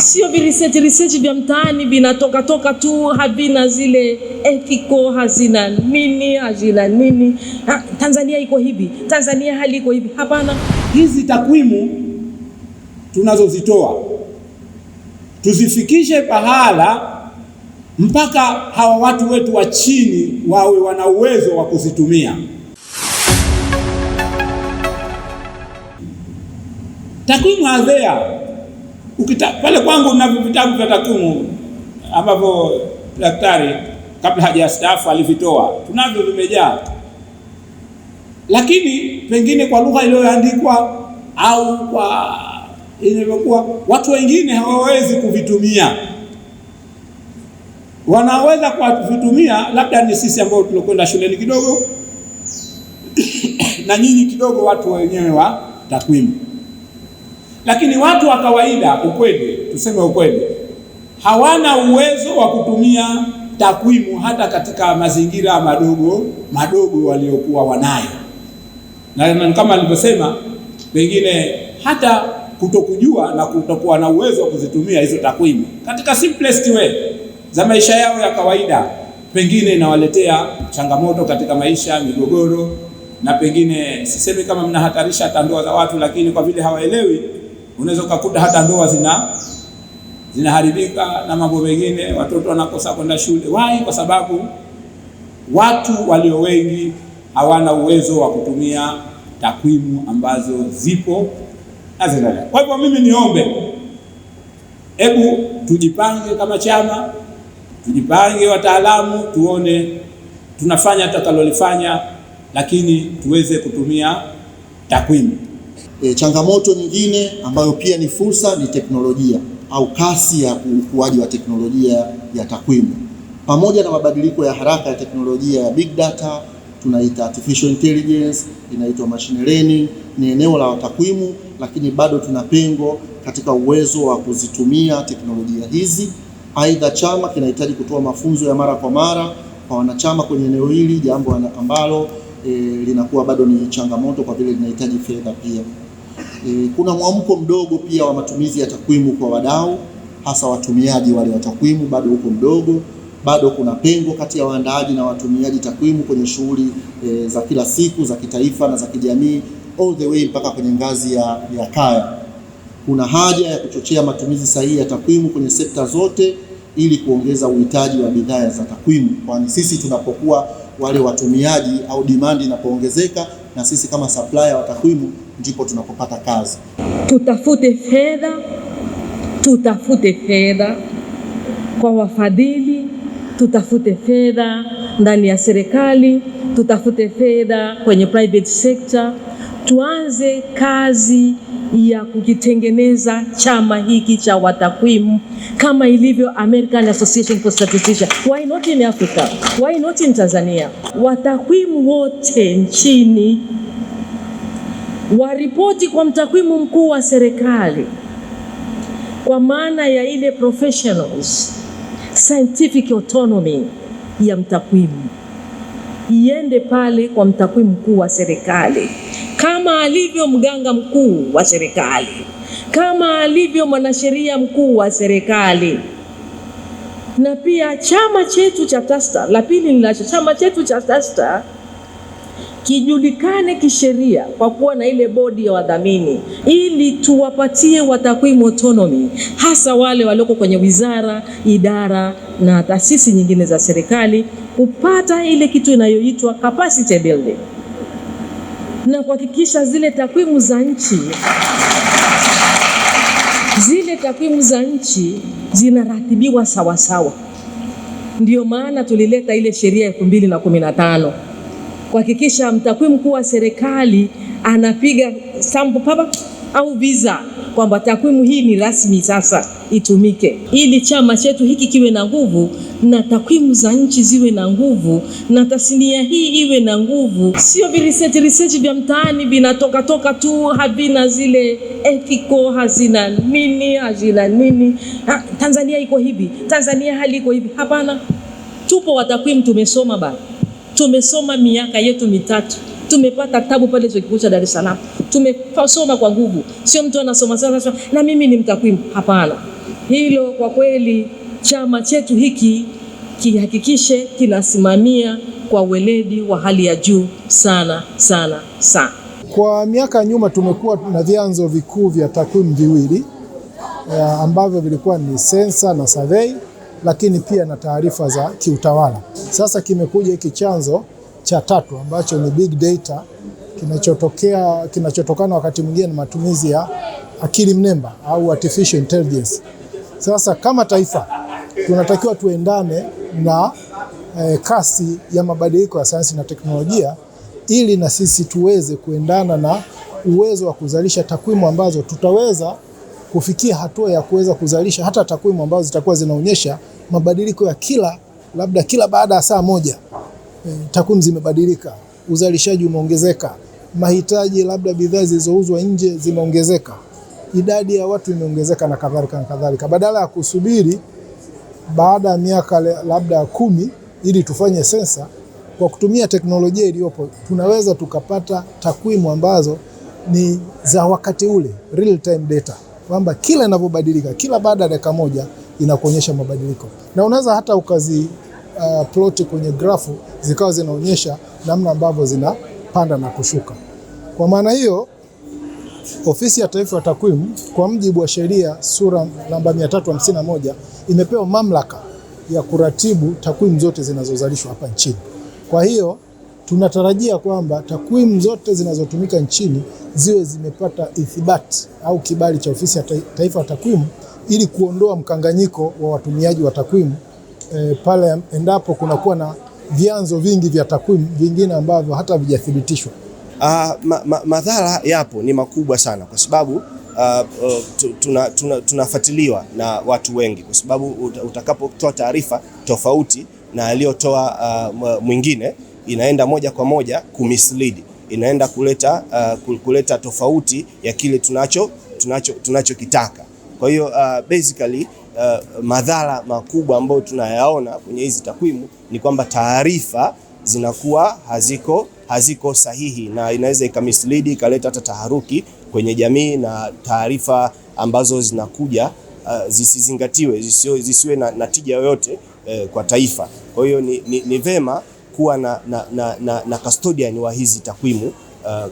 Sio viresearch research vya mtaani vinatoka toka tu, havina zile ethical, hazina nini, hazina nini. Ha, Tanzania iko hivi, Tanzania hali iko hivi. Hapana, hizi takwimu tunazozitoa tuzifikishe pahala mpaka hawa watu wetu wa chini wawe wana uwezo wa kuzitumia. Takwimu hazea Ukita pale kwangu na vitabu vya takwimu ambavyo daktari kabla hajastaafu alivitoa, tunavyo vimejaa, lakini pengine kwa lugha iliyoandikwa au kwa inavyokuwa, watu wengine hawawezi kuvitumia. Wanaweza kuvitumia labda ni sisi ambao tulokwenda shuleni kidogo na nyinyi kidogo, watu wenyewe wa takwimu. Lakini watu wa kawaida, ukweli, tuseme ukweli, hawana uwezo wa kutumia takwimu hata katika mazingira madogo madogo waliokuwa wanayo, na kama alivyosema, pengine hata kutokujua na kutokuwa na uwezo wa kuzitumia hizo takwimu katika simplest way za maisha yao ya kawaida, pengine inawaletea changamoto katika maisha, migogoro, na pengine sisemi kama mnahatarisha tandoa za watu, lakini kwa vile hawaelewi Unaweza ukakuta hata ndoa zina zinaharibika na mambo mengine, watoto wanakosa kwenda shule. Why? Kwa sababu watu walio wengi hawana uwezo wa kutumia takwimu ambazo zipo na zinaendelea. Kwa hivyo mimi niombe, hebu tujipange kama chama, tujipange wataalamu, tuone tunafanya tutakalolifanya, lakini tuweze kutumia takwimu. E, changamoto nyingine ambayo pia ni fursa ni teknolojia au kasi ya ukuaji wa teknolojia ya takwimu pamoja na mabadiliko ya haraka ya teknolojia ya big data tunaita artificial intelligence, inaitwa machine learning. Ni eneo la takwimu, lakini bado tuna pengo katika uwezo wa kuzitumia teknolojia hizi. Aidha, chama kinahitaji kutoa mafunzo ya mara kwa mara kwa wanachama kwenye eneo hili, jambo ambalo e, linakuwa bado ni changamoto kwa vile linahitaji fedha pia. E, kuna mwamko mdogo pia wa matumizi ya takwimu kwa wadau, hasa watumiaji wale wa takwimu bado huko mdogo bado kuna pengo kati ya waandaaji na watumiaji takwimu kwenye shughuli e, za kila siku za kitaifa na za kijamii all the way mpaka kwenye ngazi ya, ya kaya. Kuna haja ya kuchochea matumizi sahihi ya takwimu kwenye sekta zote ili kuongeza uhitaji wa bidhaa za takwimu, kwani sisi tunapokuwa wale watumiaji au demand inapoongezeka, na sisi kama supplier wa takwimu ndipo tunapopata kazi. Tutafute fedha, tutafute fedha kwa wafadhili, tutafute fedha ndani ya serikali, tutafute fedha kwenye private sector, tuanze kazi ya kukitengeneza chama hiki cha watakwimu kama ilivyo American Association for Statistics. Why not in Africa? Why not in Tanzania? Watakwimu wote nchini waripoti kwa mtakwimu mkuu wa serikali kwa maana ya ile professionals scientific autonomy ya mtakwimu iende pale kwa mtakwimu mkuu wa serikali kama alivyo mganga mkuu wa serikali, kama alivyo mwanasheria mkuu wa serikali. Na pia chama chetu cha Tasta, la pili ninacho, chama chetu cha Tasta kijulikane kisheria kwa kuwa na ile bodi ya wadhamini, ili tuwapatie watakwimu autonomy, hasa wale walioko kwenye wizara, idara na taasisi nyingine za serikali, kupata ile kitu inayoitwa capacity building na kuhakikisha zile takwimu za nchi zile takwimu za nchi zinaratibiwa sawasawa. ndio maana tulileta ile sheria elfu mbili na kumi na tano kuhakikisha mtakwimu mkuu wa serikali anapiga sample papa au visa kwamba takwimu hii ni rasmi sasa itumike, ili chama chetu hiki kiwe na nguvu na takwimu za nchi ziwe na nguvu na tasnia hii iwe na nguvu, sio viresearch research vya mtaani vinatoka toka tu, havina zile ethico, hazina nini, hazina nini ha, Tanzania iko hivi, Tanzania hali iko hivi. Hapana, tupo watakwimu, tumesoma ba, tumesoma miaka yetu mitatu tumepata tabu pale chuo kikuu cha Dar es Salaam, tumesoma kwa nguvu, sio mtu anasoma sana na mimi ni mtakwimu. Hapana, hilo kwa kweli chama chetu hiki kihakikishe kinasimamia kwa weledi wa hali ya juu sana sana sana. Kwa miaka ya nyuma tumekuwa na vyanzo vikuu vya takwimu viwili eh, ambavyo vilikuwa ni sensa na survey, lakini pia na taarifa za kiutawala. Sasa kimekuja hiki chanzo cha tatu ambacho ni big data kinachotokea kinachotokana wakati mwingine na matumizi ya akili mnemba au artificial intelligence. Sasa kama taifa tunatakiwa tuendane na eh, kasi ya mabadiliko ya sayansi na teknolojia ili na sisi tuweze kuendana na uwezo wa kuzalisha takwimu ambazo tutaweza kufikia hatua ya kuweza kuzalisha hata takwimu ambazo zitakuwa zinaonyesha mabadiliko ya kila labda kila baada ya saa moja eh, takwimu zimebadilika, uzalishaji umeongezeka, mahitaji labda bidhaa zilizouzwa nje zimeongezeka, idadi ya watu imeongezeka na kadhalika na kadhalika, badala ya kusubiri baada ya miaka labda kumi ili tufanye sensa, kwa kutumia teknolojia iliyopo tunaweza tukapata takwimu ambazo ni za wakati ule, real time data, kwamba kila inavyobadilika, kila baada ya dakika moja inakuonyesha mabadiliko, na unaweza hata ukazi uh, ploti kwenye grafu zikawa zinaonyesha namna ambavyo zinapanda na kushuka. Kwa maana hiyo, Ofisi ya Taifa ya Takwimu kwa mjibu wa sheria sura namba 351 imepewa mamlaka ya kuratibu takwimu zote zinazozalishwa hapa nchini. Kwa hiyo tunatarajia kwamba takwimu zote zinazotumika nchini ziwe zimepata ithibati au kibali cha Ofisi ya Taifa ya Takwimu ili kuondoa mkanganyiko wa watumiaji wa takwimu e, pale endapo kunakuwa na vyanzo vingi vya takwimu vingine ambavyo hata vijathibitishwa. Uh, ah, ma, ma, madhara yapo ni makubwa sana kwa sababu uh, ah, uh, eh, tunafuatiliwa tuna, tuna na watu wengi kwa sababu utakapotoa taarifa tofauti na aliyotoa uh, mwingine inaenda moja kwa moja kumislead, inaenda kuleta, uh, kuleta tofauti ya kile tunachokitaka tunacho kwa hiyo uh, basically uh, madhara makubwa ambayo tunayaona kwenye hizi takwimu ni kwamba taarifa zinakuwa haziko, haziko sahihi na inaweza ikamislead ikaleta hata taharuki kwenye jamii na taarifa ambazo zinakuja uh, zisizingatiwe zisiwe, zisiwe na, na tija yoyote uh, kwa taifa. Kwa hiyo ni, ni, ni vema kuwa na, na, na, na, na custodian wa hizi takwimu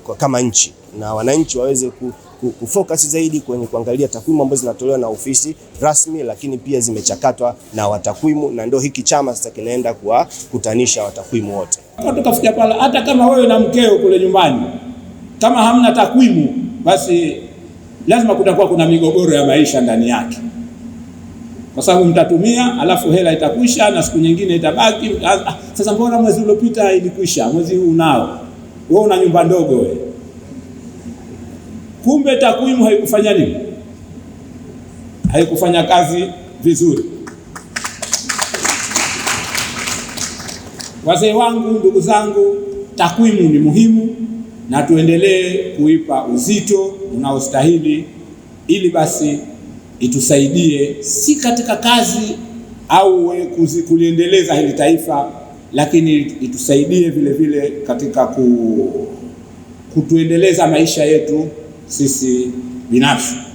uh, kama nchi na wananchi waweze ku, ku, kufocus zaidi kwenye kuangalia takwimu ambazo zinatolewa na ofisi rasmi, lakini pia zimechakatwa na watakwimu, na ndio hiki chama sasa kinaenda kuwakutanisha watakwimu wote. Tukafikia pala, hata kama wewe na mkeo kule nyumbani, kama hamna takwimu, basi lazima kutakuwa kuna migogoro ya maisha ndani yake, kwa sababu mtatumia, alafu hela itakwisha na siku nyingine itabaki. Ah, ah, sasa mbona mwezi uliopita ilikwisha, mwezi huu nao wewe una nyumba ndogo wewe kumbe takwimu haikufanya nini? Haikufanya kazi vizuri. Wazee wangu, ndugu zangu, takwimu ni muhimu na tuendelee kuipa uzito unaostahili, ili basi itusaidie si katika kazi au kuliendeleza hili taifa, lakini itusaidie vile vile katika ku, kutuendeleza maisha yetu sisi binafsi.